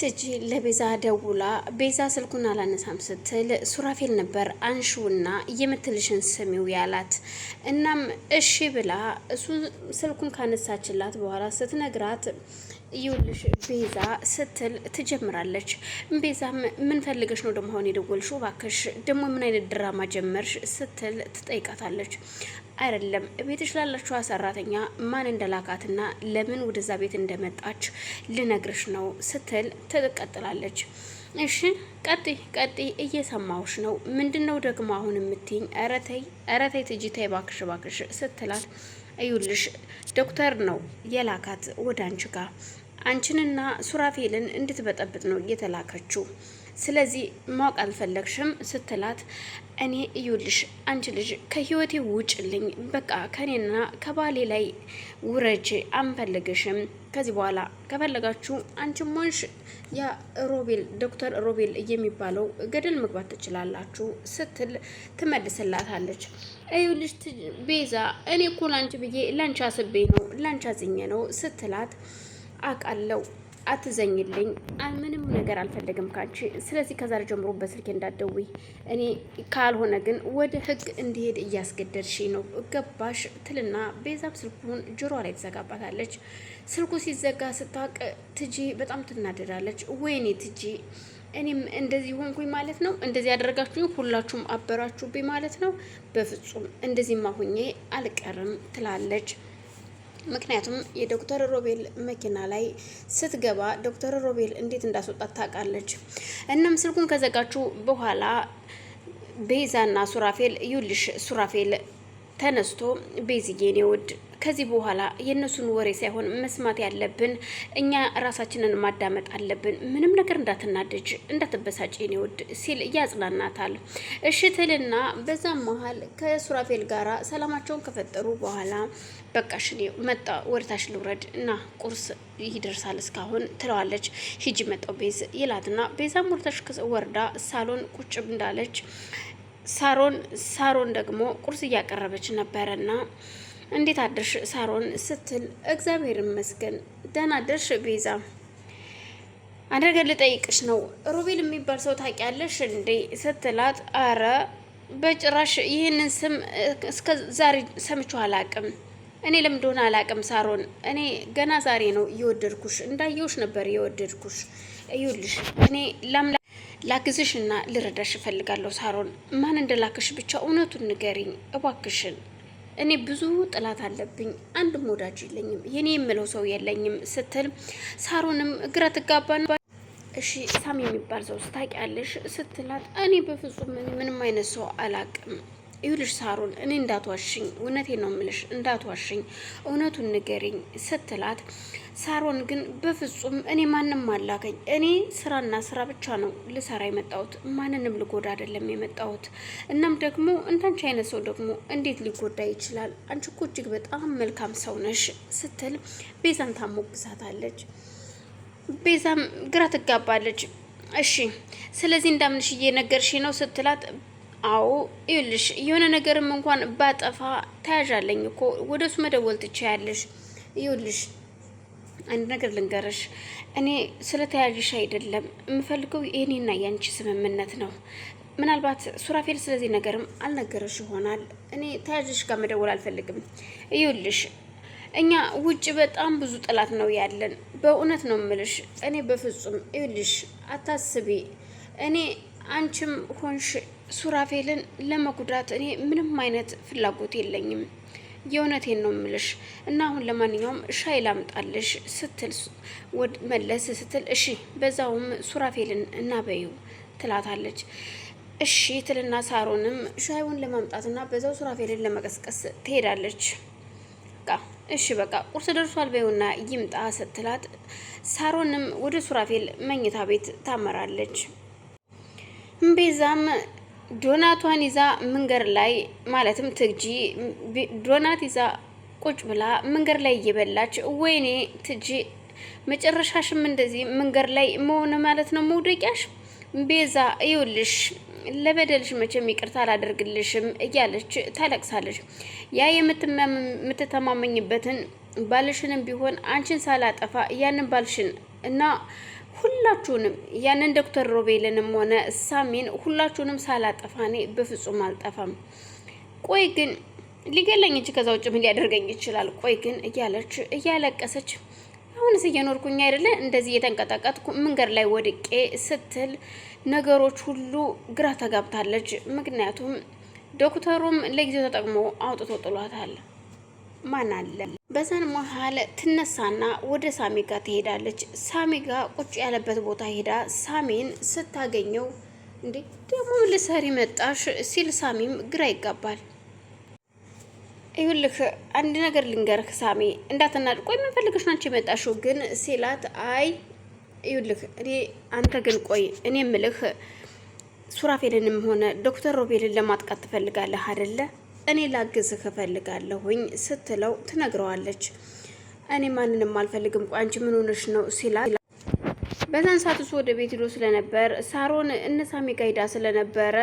ትጂ ለቤዛ ደውላ ቤዛ ስልኩን አላነሳም ስትል ሱራፌል ነበር አንሺውና የምትልሽን ስሚው ያላት። እናም እሺ ብላ እሱ ስልኩን ካነሳችላት በኋላ ስትነግራት ይኸውልሽ ቤዛ ስትል ትጀምራለች። ቤዛ ምን ፈልገሽ ነው ደግሞ አሁን የደወልሽው? እባክሽ ደግሞ ምን አይነት ድራማ ጀመርሽ? ስትል ትጠይቃታለች። አይደለም ቤትሽ ላለችዋ ሰራተኛ ማን እንደላካትና ለምን ወደዛ ቤት እንደመጣች ልነግርሽ ነው ስትል ትቀጥላለች። እሺ ቀጥይ ቀጥይ፣ እየሰማሁሽ ነው። ምንድን ነው ደግሞ አሁን የምትይኝ? ኧረ ተይ ኧረ ተይ ትጂ፣ ተይ እባክሽ እባክሽ ስትላል እዩልሽ ዶክተር ነው የላካት ወደ አንቺ ጋር አንቺንና ሱራፌልን እንድትበጠብጥ ነው እየተላከችው። ስለዚህ ማወቅ አልፈለግሽም ስትላት እኔ እዩልሽ፣ አንቺ ልጅ ከህይወቴ ውጭልኝ፣ በቃ ከኔና ከባሌ ላይ ውረጅ፣ አንፈልግሽም። ከዚህ በኋላ ከፈለጋችሁ አንቺ ሞንሽ ያ ሮቤል ዶክተር ሮቤል የሚባለው ገደል መግባት ትችላላችሁ ስትል ትመልስላታለች። እዩልሽ ቤዛ፣ እኔ እኮ ላንቺ ብዬ ላንቺ አስቤ ነው ላንቺ አዝኜ ነው ስትላት አቃለው አትዘኝልኝ። ምንም ነገር አልፈለግም ካንቺ። ስለዚህ ከዛሬ ጀምሮ በስልኬ እንዳትደውይ። እኔ ካልሆነ ግን ወደ ህግ እንዲሄድ እያስገደድሽ ነው ገባሽ? ትልና ቤዛም ስልኩን ጆሮ ላይ ትዘጋባታለች። ስልኩ ሲዘጋ ስታቅ ትጂ በጣም ትናደዳለች። ወይኔ ትጂ፣ እኔም እንደዚህ ሆንኩኝ ማለት ነው? እንደዚህ ያደረጋችሁ ሁላችሁም አበራችሁብኝ ማለት ነው? በፍጹም እንደዚህማ ሁኜ አልቀርም ትላለች። ምክንያቱም የዶክተር ሮቤል መኪና ላይ ስትገባ ዶክተር ሮቤል እንዴት እንዳስወጣት ታውቃለች። እናም ስልኩን ከዘጋችሁ በኋላ ቤዛና ሱራፌል ይውልሽ ሱራፌል ተነስቶ ቤዝዬ ነው ውድ ከዚህ በኋላ የእነሱን ወሬ ሳይሆን መስማት ያለብን እኛ ራሳችንን ማዳመጥ አለብን። ምንም ነገር እንዳትናደጅ፣ እንዳትበሳጭ የኔ ውድ ሲል ያጽናናታል። እሽትልና በዛም መሀል ከሱራፌል ጋር ሰላማቸውን ከፈጠሩ በኋላ በቃሽ መጣ ወርታሽ ልውረድ እና ቁርስ ይደርሳል እስካሁን ትለዋለች። ሂጂ መጣው ቤዝ ይላትና ቤዛም ወርታሽ ወርዳ ሳሎን ቁጭ እንዳለች ሳሮን ሳሮን ደግሞ ቁርስ እያቀረበች ነበረና እንዴት አደርሽ ሳሮን ስትል፣ እግዚአብሔር ይመስገን ደህና አደርሽ ቤዛ፣ አንድ ልጠይቅሽ ነው ሮቤል የሚባል ሰው ታውቂያለሽ እንዴ ስትላት፣ አረ በጭራሽ ይህንን ስም እስከ ዛሬ ሰምቼው አላቅም እኔ ለምን አላቅም ሳሮን፣ እኔ ገና ዛሬ ነው እየወደድኩሽ፣ እንዳየውሽ ነበር እየወደድኩሽ። እዩልሽ እኔ ላግዝሽ ልረዳሽ እፈልጋለሁ ሳሮን። ማን እንደላክሽ ብቻ እውነቱን ንገሪኝ እባክሽን። እኔ ብዙ ጥላት አለብኝ፣ አንድም ወዳጅ የለኝም፣ የኔ የምለው ሰው የለኝም ስትል ሳሮንም ግራ ትጋባን። እሺ ሳም የሚባል ሰው ስታውቂያለሽ ስትላት እኔ በፍጹም ምንም አይነት ሰው አላቅም ይኸውልሽ ሳሮን እኔ እንዳትዋሽኝ፣ እውነቴን ነው ምልሽ፣ እንዳትዋሽኝ፣ እውነቱን ንገሪኝ ስትላት፣ ሳሮን ግን በፍጹም እኔ ማንም አላከኝ። እኔ ስራና ስራ ብቻ ነው ልሰራ የመጣሁት፣ ማንንም ልጎዳ አይደለም የመጣሁት። እናም ደግሞ እንዳንቺ አይነት ሰው ደግሞ እንዴት ሊጎዳ ይችላል? አንቺ እኮ እጅግ በጣም መልካም ሰው ነሽ ስትል ቤዛን ታሞግዛታለች። ቤዛም ግራ ትጋባለች። እሺ ስለዚህ እንዳምንሽ እየነገርሽ ነው ስትላት አዎ ይልሽ የሆነ ነገርም እንኳን ባጠፋ ታያዣለኝ እኮ ወደ እሱ መደወል ትችያለሽ። ይልሽ አንድ ነገር ልንገርሽ፣ እኔ ስለ ተያዥሽ አይደለም የምፈልገው የእኔና የአንቺ ስምምነት ነው። ምናልባት ሱራፌል ስለዚህ ነገርም አልነገረሽ ይሆናል። እኔ ተያዥሽ ጋር መደወል አልፈልግም። ይልሽ እኛ ውጭ በጣም ብዙ ጠላት ነው ያለን። በእውነት ነው ምልሽ። እኔ በፍጹም ይልሽ አታስቢ። እኔ አንቺም ሆንሽ ሱራፌልን ለመጉዳት እኔ ምንም አይነት ፍላጎት የለኝም። የእውነቴን ነው ምልሽ እና አሁን ለማንኛውም ሻይ ላምጣልሽ ስትል ወድ መለስ ስትል እሺ በዛውም ሱራፌልን እናበዩ ትላታለች። እሺ ትልና ሳሮንም ሻዩን ለማምጣትና በዛው ሱራፌልን ለመቀስቀስ ትሄዳለች። በቃ እሺ በቃ ቁርስ ደርሷል በይውና ይምጣ ስትላት ሳሮንም ወደ ሱራፌል መኝታ ቤት ታመራለች። እምቤዛም ዶናቷን ይዛ መንገድ ላይ ማለትም ትጂ ዶናት ይዛ ቁጭ ብላ መንገድ ላይ እየበላች ወይኔ ትጂ መጨረሻሽም እንደዚህ መንገድ ላይ መሆን ማለት ነው መውደቂያሽ። ቤዛ እዩልሽ ለበደልሽ መቼም ይቅርታ አላደርግልሽም እያለች ታለቅሳለች። ያ የምትተማመኝበትን ባልሽንም ቢሆን አንቺን ሳላጠፋ ያንን ባልሽን እና ሁላችሁንም ያንን ዶክተር ሮቤልንም ሆነ ሳሚን ሁላችሁንም ሳላጠፋ እኔ በፍጹም አልጠፋም። ቆይ ግን ሊገለኝ እንጂ ከዛ ውጭ ምን ሊያደርገኝ ይችላል? ቆይ ግን እያለች እያለቀሰች አሁንስ እየኖርኩኝ አይደለ እንደዚህ እየተንቀጠቀጥኩ መንገድ ላይ ወድቄ ስትል ነገሮች ሁሉ ግራ ተጋብታለች። ምክንያቱም ዶክተሩም ለጊዜው ተጠቅሞ አውጥቶ ጥሏታል። ማን አለ በዛን መሀል ትነሳና ወደ ሳሚ ጋር ትሄዳለች። ሳሚ ጋር ቁጭ ያለበት ቦታ ሄዳ ሳሚን ስታገኘው እንዴ ደግሞ ልሰሪ መጣሽ ሲል ሳሚም ግራ ይጋባል። ይኸውልህ አንድ ነገር ልንገርህ ሳሚ እንዳትናድ፣ ቆይ ምን ፈልገሽ የመጣሽው ግን ሲላት፣ አይ ይኸውልህ እኔ አንተ ግን ቆይ እኔ ምልህ ሱራፌልንም ሆነ ዶክተር ሮቤልን ለማጥቃት ትፈልጋለህ አደለ? እኔ ላግዝህ እፈልጋለሁኝ ስትለው ትነግረዋለች። እኔ ማንንም አልፈልግም፣ ቋንጭ ምን ሆነሽ ነው ሲላ በዛን ሰዓት እሱ ወደ ቤት ሄዶ ስለነበር ሳሮን እነ ሳሚ ጋር ሄዳ ስለነበረ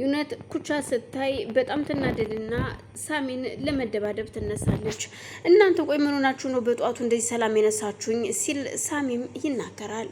ዩነት ኩቻ ስታይ በጣም ትናደድና ሳሚን ለመደባደብ ትነሳለች። እናንተ ቆይ ምን ሆናችሁ ነው በጠዋቱ እንደዚህ ሰላም የነሳችሁኝ? ሲል ሳሚም ይናገራል።